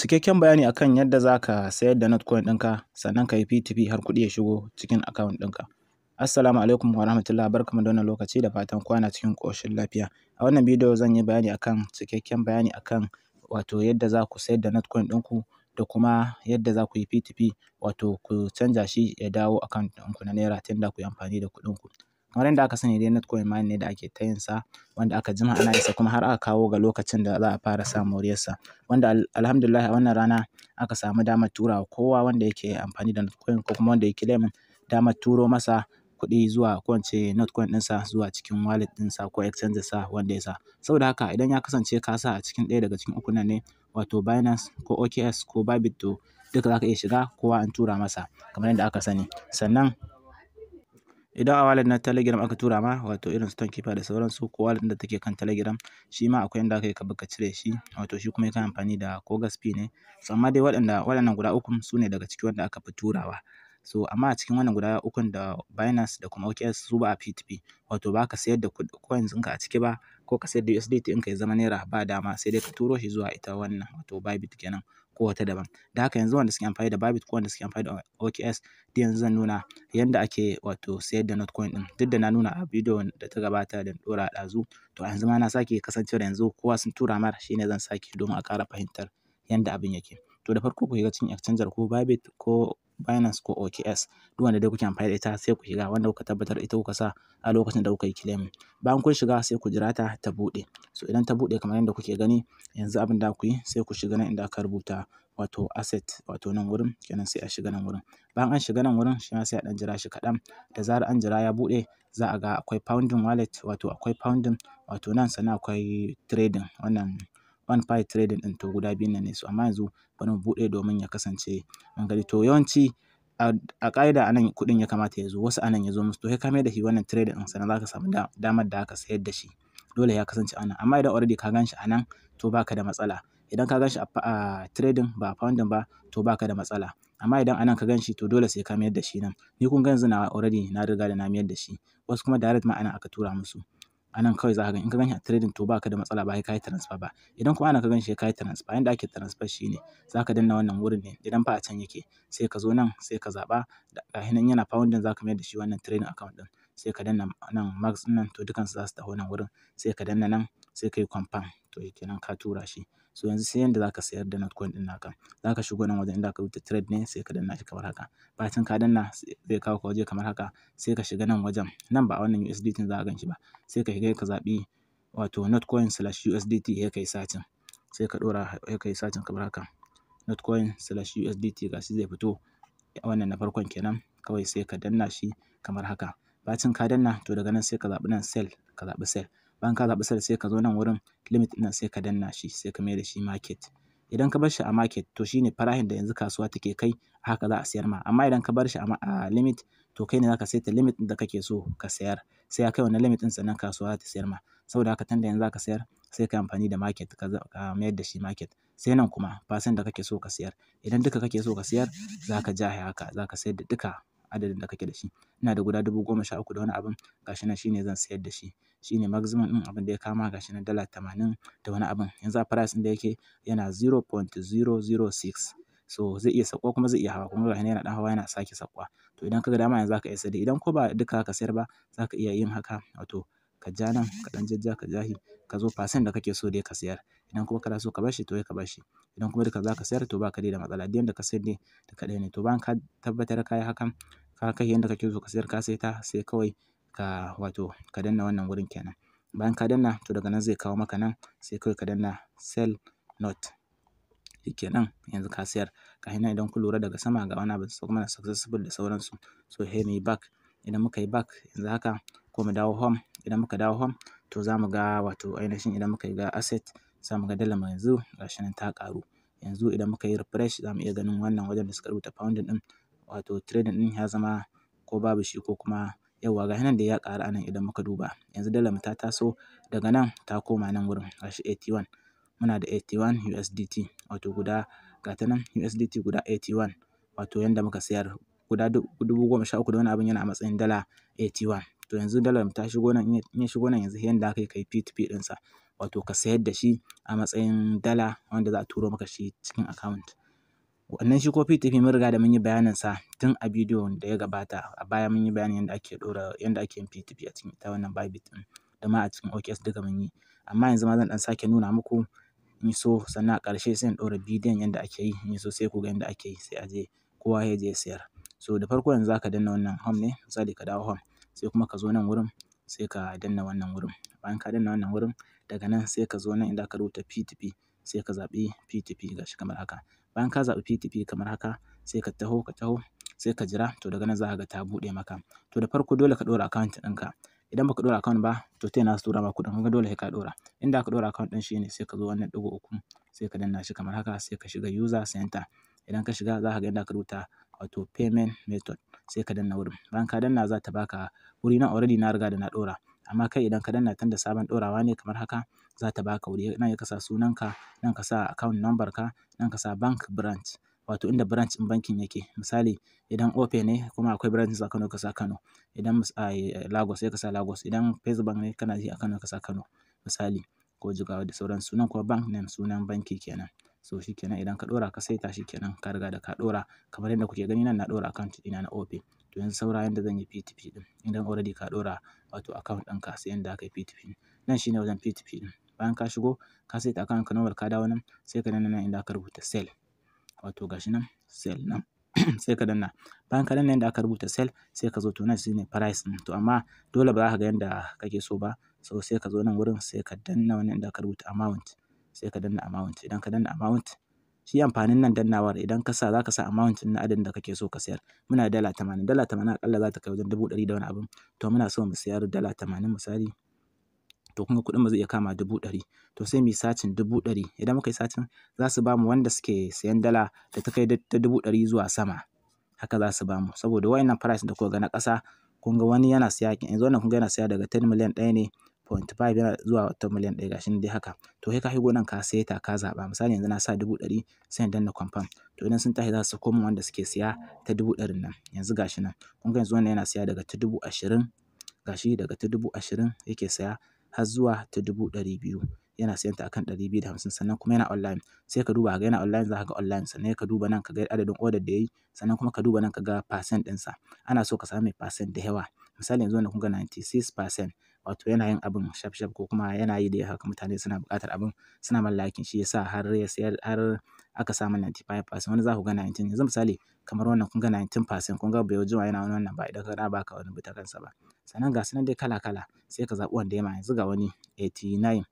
Cikakken bayani akan yadda za ka sayar da Notcoin ɗinka sannan ka yi p har kuɗi ya shigo cikin account ɗinka. Assalamu alaikum wa rahmatullah barkamu da wannan lokaci da fatan kwana cikin ƙoshin lafiya. A wannan bidiyo zan yi bayani akan cikakken bayani akan wato yadda za ku sayar da Notcoin ɗinku da kuma yadda za ku yi p 2 wato ku canja shi ya dawo account ɗinku na Naira tunda ku yi amfani da kuɗinku. Kamar yadda aka sani dai netcoin mining ne da ake ta yin sa wanda aka jima ana isa kuma har aka kawo ga lokacin da za a fara sa sa Wanda alhamdulillah a wannan rana aka samu damar turawa kowa wanda yake amfani da netcoin ko kuma wanda ya claiming damar turo masa kuɗi zuwa ko netcoin din sa zuwa cikin wallet sa ko exchange sa wanda ya sa. Saboda haka idan ya kasance ka sa a cikin ɗaya daga cikin uku nan ne wato Binance ko OKX ko Bybit to duka za ka iya shiga kowa an tura masa kamar yadda aka sani. Sannan. idan a wallet na telegram aka tura ma wato irin stone keeper da sauransu ko wallet da take kan telegram shi ma akwai inda aka yi ka cire shi wato shi kuma yakan amfani da ko gaspi ne so amma dai waɗanda waɗannan guda ukun su ne daga ciki wanda aka fi turawa so amma a cikin wannan guda ukun da Binance da kuma OKX su ba P2P wato ba ka sayar da coins ɗinka a ciki ba ko ka sayar da USDT ɗinka ya zama naira ba dama sai dai ka turo shi zuwa ita wannan wato Bybit kenan ko wata daban da haka yanzu wanda suke amfani da Bybit ko wanda suke amfani da OKS duk yanzu zan nuna yanda ake wato sayar da Notcoin din duk da na nuna a bidiyon da ta gabata da dora ɗazu to yanzu ma na sake kasancewar yanzu kowa sun tura mar shine zan sake domin a ƙara fahimtar yanda abin yake to da farko ku shiga cikin exchanger ko Bybit ko Binance ko OKX duk wanda dai kuke amfani da ita sai ku shiga wanda kuka tabbatar ita kuka sa a lokacin da kuka yi claim bayan kun shiga sai ku jira ta ta buɗe so idan ta buɗe kamar yadda kuke gani yanzu abin da ku yi sai ku shiga nan inda aka rubuta wato asset wato nan wurin kenan sai a shiga nan wurin bayan an shiga nan wurin shi ma sai a ɗan jira shi kaɗan da zarar an jira ya buɗe za a ga akwai founding wallet wato akwai founding wato nan sannan akwai trading wannan one five trading ɗin to guda biyun nan ne su amma yanzu bari mu buɗe domin ya kasance mun gani to yawanci a ƙa'ida a nan kuɗin ya kamata ya zo wasu anan nan ya zo musu to ya ka mai da shi wannan trading ɗin sannan za ka samu damar da aka sayar da shi dole ya kasance a nan amma idan already ka gan shi a nan to baka da matsala idan ka gan shi a trading ba a founding ba to baka da matsala amma idan anan ka gan shi to dole sai ka mayar da shi nan ni kun ga yanzu na already na riga da na mayar da shi wasu kuma direct ma anan aka tura musu a kawai za ka gani in ka ganshi a trading to baka da matsala ba kai ka transfer ba idan kuma ana ka ganshi ka yi transfer inda ake transfer shine za ka danna wannan wurin ne idan fa a can yake sai ka zo nan sai ka zaba ga hinan yana pounding za ka mayar da shi wannan trading account ɗin sai ka danna nan max din nan to dukansu za su taho nan wurin sai ka danna nan sai ka yi confirm to kenan ka tura shi so yanzu sai yanda zaka sayar da notcoin din naka zaka shigo nan wajen inda ka rubuta trade ne sai ka danna shi kamar haka bacin ka danna zai kawo ka waje kamar haka sai ka shiga nan wajen nan ba a wannan USDT za a ganshi ba sai ka shiga ka zaɓi wato notcoin slash USDT sai kai satin sai ka dora sai kai sacin kamar haka notcoin slash USDT gashi zai fito wannan na farkon kenan kawai sai ka danna shi kamar haka bacin ka danna to daga nan sai ka zabi nan sell ka zabi sell bayan ka zaɓi sel sai ka zo nan wurin limit ɗin sai ka danna shi sai ka mai da shi market idan ka bar shi a market to shine farahin da yanzu kasuwa take kai haka za a siyar ma amma idan ka bar shi a limit to kai ne zaka saita limit ɗin da kake so ka sayar sai ka kai wannan limit ɗin sannan kasuwa za ta siyar ma saboda haka tunda yanzu zaka sayar sai ka amfani da market ka mayar da shi market sai nan kuma fasin da kake so ka siyar idan duka kake so ka siyar zaka ja haka zaka sayar da duka adadin da kake da shi ina da guda dubu goma sha uku da wani abin gashi nan shine zan sayar da shi shine maximum ɗin abin da ya kama gashi nan dala tamanin da wani abin yanzu a price ɗin da yake yana 0.006 so zai iya sakwa kuma zai iya hawa kuma gashi yana dan hawa yana sake sakwa to idan kaga dama yanzu zaka iya sayar idan ko ba duka ka sayar ba zaka iya yin haka wato ka ja nan ka ɗan jajja ka ja ka zo fasin da kake so dai ka sayar idan kuma kana so ka shi to sai ka shi idan kuma duka za ka sayar to ba ka da matsala duk yanda ka sayar ne duka ne to bayan ka tabbatar ka yi hakan ka kai yanda kake so ka sayar ka saita sai kawai ka wato ka danna wannan wurin kenan bayan ka danna to daga nan zai kawo maka nan sai kawai ka danna sell not kenan yanzu ka sayar ka hina idan ku lura daga sama ga wani abin su kuma successful da sauransu so hey me back idan muka yi back yanzu haka ko mu dawo home idan muka dawo home to za mu ga wato ainihin idan muka yi ga asset Za mu ga dalar mu yanzu gashi nan ta ƙaru. Yanzu idan muka yi refresh za mu iya ganin wannan wajen da suka rubuta pounding ɗin wato trading ɗin ya zama ko babu shi ko kuma yauwa gashi nan dai ya ƙaru anan idan muka duba. Yanzu dalar mu ta taso daga nan ta koma nan wurin gashi 81. Muna da 81 USDT wato guda ga ta nan USDT guda 81 wato yanda muka sayar guda dubu goma sha uku da wani abin yana a matsayin dala 81. To yanzu dalar mu ta shigo nan in ya shigo nan yanzu sai yanda aka yi ka yi P2P ɗinsa. wato ka sayar da shi a matsayin dala wanda za a turo maka shi cikin account. Wannan shi ko p mun riga da mun yi bayanin sa tun a bidiyon da ya gabata a baya mun yi bayanin yadda ake ɗora yadda ake yin p a cikin ita wannan Bybit din da ma a cikin OKS duka mun yi. Amma yanzu ma zan ɗan sake nuna muku in so sannan a ƙarshe sai in ɗora bidiyon yadda ake yi in so sai ku ga yadda ake yi sai a je kowa ya je ya sayar. So da farko yanzu zaka ka danna wannan home ne misali ka dawo home sai kuma ka zo nan wurin sai ka danna wannan wurin bayan ka danna wannan wurin daga nan sai ka zo nan inda aka rubuta p p sai ka zaɓi p ga p kamar haka bayan ka zaɓi p kamar haka sai ka taho ka taho sai ka jira to daga nan za ka ga ta buɗe maka to da farko dole ka ɗora account ɗinka idan baka ɗora account ba to ta na su tura ma kuɗin kaga dole sai ka ɗora inda aka ɗora account ɗin shine sai ka zo wannan ɗigo uku sai ka danna shi kamar haka sai ka shiga user center idan ka shiga za ka ga inda aka rubuta wato payment method sai ka danna wurin bayan ka danna za ta baka wuri na already na riga da na ɗora amma kai idan ka danna tunda sabon ɗorawa ne kamar haka za ta baka wuri nan ka sa sunanka nan ka sa account number ka nan ka sa bank branch wato inda branch ɗin bankin yake misali idan ope ne kuma akwai branch a Kano ka sa Kano idan Lagos sai ka sa Lagos idan First Bank ne kana ji a Kano ka sa Kano misali ko Jigawa da sauran sunan kuma bank name sunan banki kenan so shikenan idan ka dora ka saita shikenan ka riga da ka dora, kamar yadda kuke gani nan na dora account ɗina na Opay to yanzu saura yanda zan yi P2P ɗin idan already ka ɗora wato account ɗinka sai yanda aka yi P2P nan shine wajen P2P ɗin bayan ka shigo ka saita account ka normal ka dawo nan sai ka danna nan inda aka rubuta sell wato gashi nan sell nan sai ka danna bayan ka danna inda aka rubuta sell sai ka zo to nan shine price ɗin to amma dole ba za ka ga yanda kake so ba so sai ka zo nan wurin sai ka danna wannan inda aka rubuta amount sai ka danna amount idan ka danna amount Shi amfanin nan dannawar idan ka sa za ka sa amount na adadin da kake so ka sayar. Muna da dala tamanin, dala tamanin aƙalla za ta kai wajen dubu da wani abu To muna so mu sayar dala tamanin misali. To kun ga kuɗin mu zai iya kama dubu To sai mu yi sacin dubu Idan muka yi sacin za su ba mu wanda suke sayan dala da ta kai ta dubu zuwa sama. Haka za su ba mu. Saboda wayannan price da kuka ga na ƙasa kun ga wani yana siya yanzu wannan kun ga yana siya daga 10 million ɗaya ne point five yana zuwa ta miliyan ɗaya gashi dai haka to kai ka shigo nan ka saita ka zaɓa misali yanzu na sa dubu ɗari sai in danna confirm to idan sun tashi za su koma wanda suke siya ta dubu ɗarin nan yanzu gashi nan kun ga yanzu wannan yana siya daga ta dubu ashirin gashi daga ta dubu ashirin yake saya har zuwa ta dubu ɗari biyu yana siyan ta akan ɗari biyu da hamsin sannan kuma yana online sai ka duba ga yana online za ka ga online sannan ka duba nan ka ga adadin order da ya yi sannan kuma ka duba nan ka ga percent ɗinsa ana so ka samu mai percent da yawa misali yanzu wanda kun ga 96 percent wato yana yin abin shaf shaf ko kuma yana yi da haka mutane suna buƙatar abin suna mallakin shi yasa har ya sayar har aka samu 95% wani za ku ga 19 yanzu misali kamar wannan kun ga 19% kun ga bai yana wani wannan ba idan ka ba ka wani bita kansa ba sannan ga sunan dai kala kala sai ka zaɓi wanda ya ma yanzu ga wani 89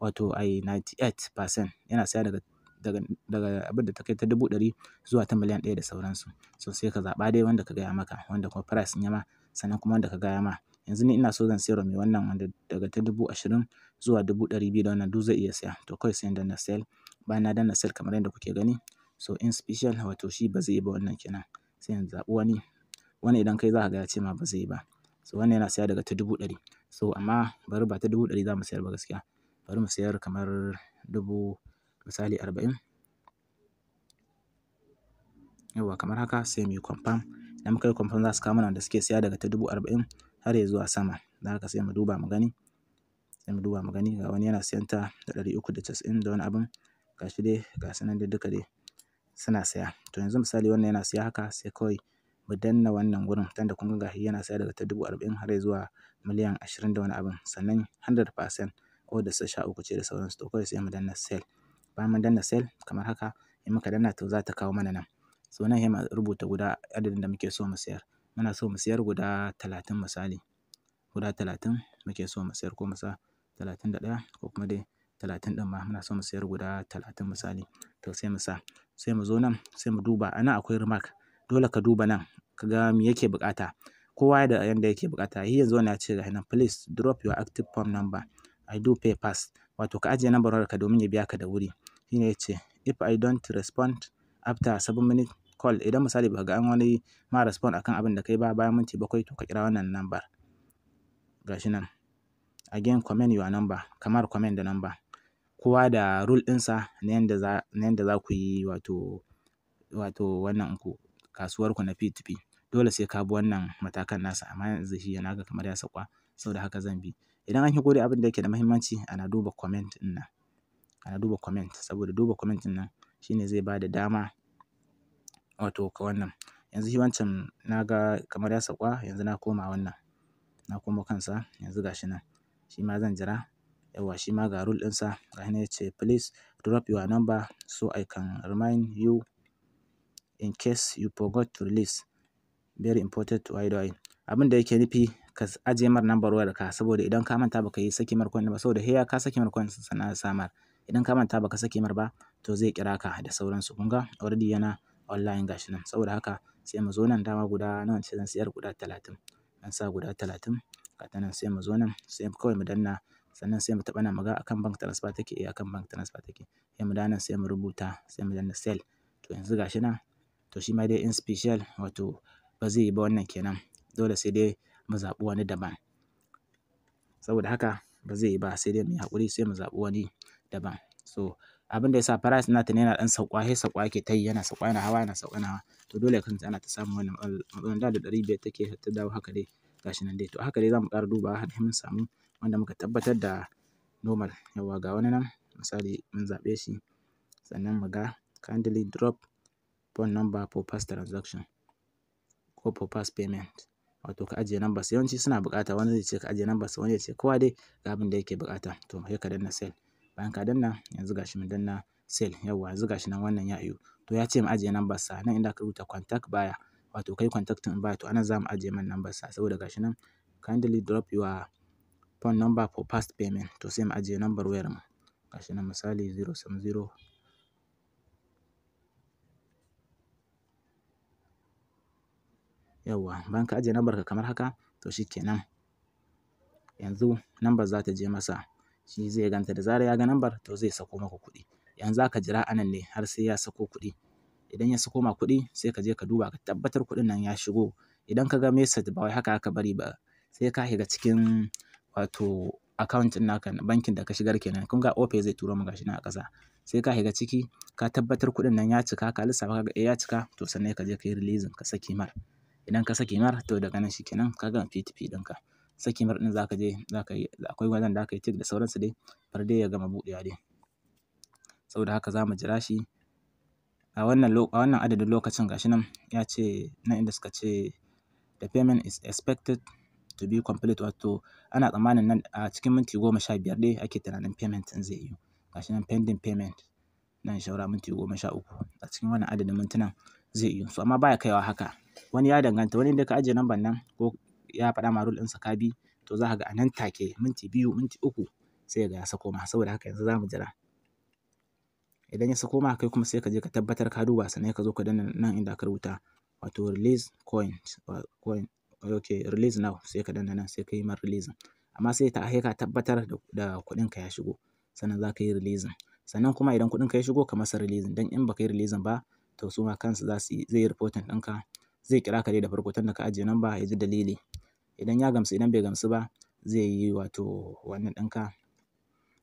wato ai 98% yana saya daga daga daga abin da ta kai ta dubu ɗari zuwa ta miliyan ɗaya da sauransu so sai ka zaɓa dai wanda ka gaya maka wanda kuma price ya ma sannan kuma wanda ka gaya ma yanzu ni ina so zan sayarwa mai wannan wanda daga ta dubu ashirin zuwa dubu ɗari biyu da wannan duk zai iya siya to kawai sai dana danna sell bayan na danna sell kamar yadda kuke gani so in special wato shi ba zai yi ba wannan kenan sai na zaɓi wani wani idan kai za ka ga ya ce ma ba zai yi ba so wannan yana siya daga ta dubu ɗari so amma bari ba ta dubu ɗari za mu sayar ba gaskiya bari mu sayar kamar dubu misali arba'in yawwa kamar haka sai mu yi confirm idan muka yi confirm za su kawo mana wanda suke siya daga ta dubu arba'in har ya zuwa sama. da haka sai mu duba mu gani, sai mu duba mu gani ga wani yana siyan ta da ɗari uku da casa'in da wani abun ga shi dai ga su nan duka dai suna saya. To yanzu misali wannan yana siya haka sai kawai mu danna wannan wurin tunda kun ga shi yana siya daga ta dubu arba'in har ya zuwa miliyan ashirin da wani abun sannan hundred percent da sa sha uku ce da sauransu to kawai sai mu danna sell. Bayan mu danna sell kamar haka in muka danna to za ta kawo mana nan. So nan sai rubuta guda adadin da muke so mu sayar. muna so mu siyar guda talatin misali. Guda talatin muke so mu siyar ko mu sa talatin da ɗaya ko kuma dai talatin ɗin ma muna so mu siyar guda talatin misali. To sai mu sa, sai mu zo nan sai mu duba. A nan akwai remark. Dole ka duba nan ka ga me yake buƙata. Kowa da yanda yake buƙata. Shi yanzu wani ya ce ga nan please drop your active phone number. I do pay pass." Wato ka ajiye lambar ka domin ya biya ka da wuri. Shi ne ya ce if I don't respond after seven minutes call idan misali baka ga an wani ma respond akan abin da kai ba bayan minti bakwai to ka kira wannan number gashi nan again comment your number kamar comment da number kowa da rule sa na yanda za na yanda za ku yi wato wato wannan ku kasuwar ku na P2P dole sai ka bi wannan matakan nasa amma yanzu shi yana ga kamar ya sakwa saboda haka zan bi idan an yi gode abin da yake da muhimmanci ana duba comment din nan ana duba comment saboda duba comment din nan shine zai bada dama wato ka wannan. Yanzu shi wancan na ga kamar ya sauka yanzu na koma wannan. Na koma kansa yanzu ga shi nan. Shi ma zan jira. yawa shi ma ga rule ɗinsa. Ga shi nan ya ce please drop your number so I can remind you in case you forgot to release. Very important to why Abin da yake nufi ka ajiye mar lambar wayarka saboda idan ka manta ba yi saki mar coin ba saboda heya ka saki mar coin sannan a samar. Idan ka manta baka ka saki mar ba to zai kira ka da sauransu. Kun ga already yana. online gashi nan. Saboda haka sai mu zo nan dama guda nawa ce zan siyar guda talatin. an sa guda talatin. Gata nan sai mu zo nan sai kawai mu danna sannan sai mu taɓa nan muga akan bank transfer take, eh akan bank transfer take. Sai mu dawo nan sai mu rubuta sai mu danna sell. To yanzu gashi nan to shi ma dai in special wato ba zai yi ba wannan kenan. Dole sai dai mu zaɓi wani daban. Saboda haka ba zai yi ba sai dai mu yi haƙuri sai mu zaɓi wani daban. So. abin da yasa price nata ne yana ɗan sauƙa sai sauƙa yake ta yi yana sauƙa yana hawa yana sauƙa yana to dole kan ana ta samu wannan matsalan da ɗari biyar take ta dawo haka dai gashi nan dai to haka dai za mu ƙara dubawa har mun samu wanda muka tabbatar da normal yawa ga wani nan misali mun zaɓe shi sannan mu ga kindly drop phone number for past transaction ko for past payment wato ka ajiye number yawanci suna bukata wani zai ce ka ajiye number wani zai ce kowa dai ga abin da yake bukata to sai ka danna sell bayan ka danna yanzu gashi mun danna sale yawa yanzu gashi nan wannan ya iyo to ya ce mu ajiye number sa nan inda aka rubuta contact baya wato kai contact din baya to anan za mu ajiye man number sa saboda gashi nan kindly drop your phone number for past payment to sai mu ajiye number wayar mu gashi nan misali 070 yawwa bayan ka ajiye number ka kamar haka to shikenan yanzu number za ta je masa shi zai ganta da zarar ya ga nambar to zai sako maka kuɗi yanzu za jira anan ne har sai ya sako kuɗi idan ya sako ma kuɗi sai ka je ka duba ka tabbatar kuɗin nan ya shigo idan ka ga message ba wai haka aka bari ba sai ka shiga cikin wato account din naka bankin da ka shigar kenan kun ga ofe zai turo maka shi na ƙasa sai ka shiga ciki ka tabbatar kuɗin nan ya cika ka lissafa ga eh ya cika to sannan ka je ka yi releasing ka saki mar idan ka saki mar to daga nan shikenan ka gama p ɗinka saki mar ɗin za ka je za yi akwai wajen da aka yi tik da sauransu dai har dai ya gama buɗewa dai saboda haka za mu jira shi a wannan a wannan adadin lokacin gashi nan ya ce nan inda suka ce the payment is expected to be complete wato ana tsammanin nan a cikin minti goma sha biyar dai ake tunanin payment ɗin zai yi gashi nan pending payment nan shaura minti goma sha uku a cikin wannan adadin mintunan zai yi su amma baya kaiwa haka wani ya danganta wani da ka ajiye namban nan ko ya faɗa ma rule sa ka bi to za ka ga a nan take minti biyu minti uku sai ga ya sako ma saboda haka yanzu za mu jira idan ya sako ma kai kuma sai ka je ka tabbatar ka duba sannan ka zo ka danna nan inda aka rubuta wato release coin coin okay release now sai ka danna nan sai ka yi mar release amma sai ta ka tabbatar da kuɗin ka ya shigo sannan za ka yi release sannan kuma idan kuɗin ka ya shigo ka masa release dan in baka yi release ba to su ma kansu za su zai yi reporting ɗinka zai kira ka dai da farko tun da ka ajiye namba ya ji dalili idan ya gamsu idan bai gamsu ba zai yi wato wannan ɗinka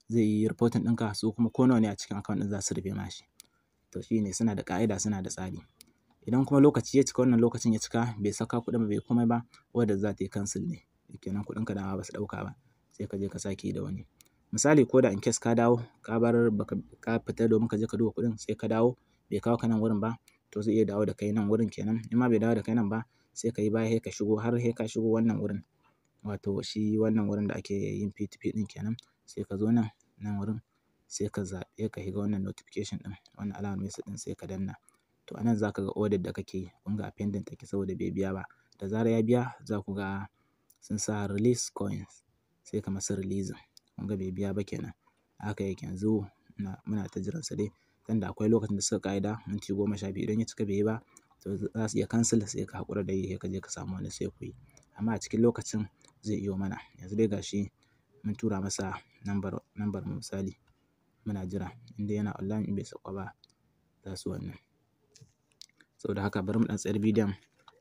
zai yi reporting ɗinka su kuma ko nawa ne a cikin account ɗin za su rufe mashi to shi ne suna da ka'ida suna da tsari idan kuma lokaci ya cika wannan lokacin ya cika bai saka kuɗin bai komai ba wanda za ta yi cancel ne kenan kuɗin ka dama ba su ɗauka ba sai ka je ka sake da wani misali ko da in case ka dawo ka bar baka ka fita domin ka je ka duba kuɗin sai ka dawo bai kawo ka nan wurin ba to zai iya dawo da kai nan wurin kenan in ma bai dawo da kai nan ba sai ka yi baya sai ka shigo har sai ka shigo wannan wurin wato shi wannan wurin da ake yin P2P ɗin kenan sai ka zo nan nan wurin sai ka zaɓe ka shiga wannan notification ɗin wannan alamar message ɗin sai ka danna to anan za ka ga order da kake yi kun ga pending take saboda bai biya ba da zarar ya biya za ku ga sun sa release coins sai ka masa releasing kun ga bai biya ba kenan haka yake yanzu muna ta jiransa dai tunda akwai lokacin da suka ƙa'ida minti goma sha biyu idan ya cika bai yi ba to za su iya cancel sai ka haƙura da yi ka je ka samu wani sai ku yi amma a cikin lokacin zai iyo mana yanzu dai gashi mun tura masa nambar nambar misali muna jira inda yana online in bai sauka ba za su wannan saboda haka bari mu ɗan tsayar bidiyon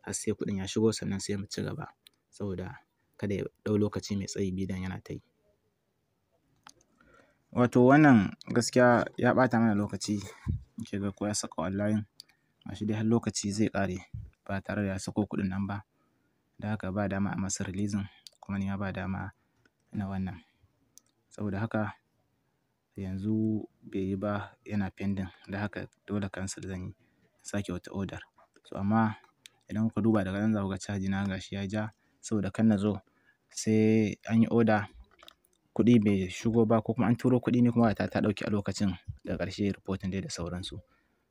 har sai kuɗin ya shigo sannan sai mu ci gaba saboda kada ya ɗau lokaci mai tsayi bidiyon yana ta yi wato wannan gaskiya ya ɓata mana lokaci ke ga ko ya saka online Gashi dai har lokaci zai ƙare ba tare da ya sako kuɗin nan ba. Da haka ba dama a masa releasing kuma ni ma ba dama na wannan. Saboda haka yanzu bai yi ba yana pending. Da haka dole cancel zan yi sake wata order. So amma idan ku duba daga nan za ku ga caji na gashi ya ja saboda kan na zo sai an yi order kuɗi bai shigo ba ko kuma an turo kuɗi ne kuma wata ta ɗauki a lokacin da ƙarshe reporting dai da sauransu.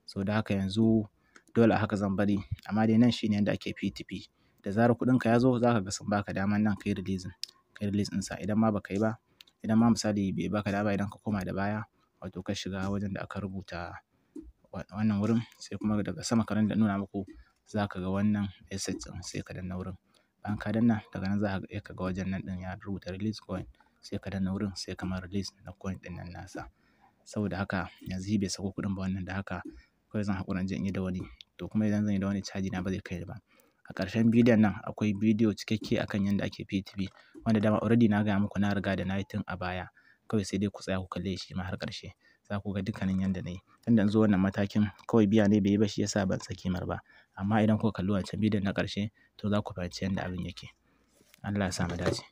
So da haka yanzu dole a haka zan bari amma dai nan shine yanda ake PTP. da zarar kuɗinka ya zo za ka ga sun baka daman nan kai releasing kai release ɗinsa idan ma ba yi ba idan ma misali bai baka da idan ka koma da baya wato ka shiga wajen da aka rubuta wannan wurin sai kuma daga sama karan da nuna muku za ka ga wannan asset ɗin sai ka danna wurin bayan ka danna daga nan za ka ga wajen nan ɗin ya rubuta release coin sai ka danna wurin sai kamar release na coin ɗin nan nasa saboda haka yanzu bai sako kuɗin ba wannan da haka kawai zan haƙura in in yi da wani to kuma idan zan yi da wani caji na ba zai kai ba a ƙarshen bidiyon nan akwai bidiyo cikakke akan yadda ake PTP wanda dama already na gaya muku na riga da na yi tun a baya kawai sai dai ku tsaya ku kalle shi ma har ƙarshe za ku ga dukkanin yadda na yi tunda in zo wannan matakin kawai biya ne bai yi ba shi yasa ban saki mar ba amma idan kuka kalli wancan bidiyon na ƙarshe to za ku fahimci yadda abin yake Allah ya sa mu dace